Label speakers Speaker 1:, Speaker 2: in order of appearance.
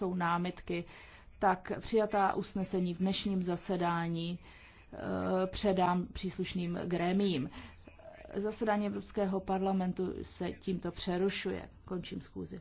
Speaker 1: jsou námitky, tak přijatá usnesení v dnešním zasedání e, předám příslušným grémím. Zasedání Evropského parlamentu se tímto přerušuje. Končím schůzi.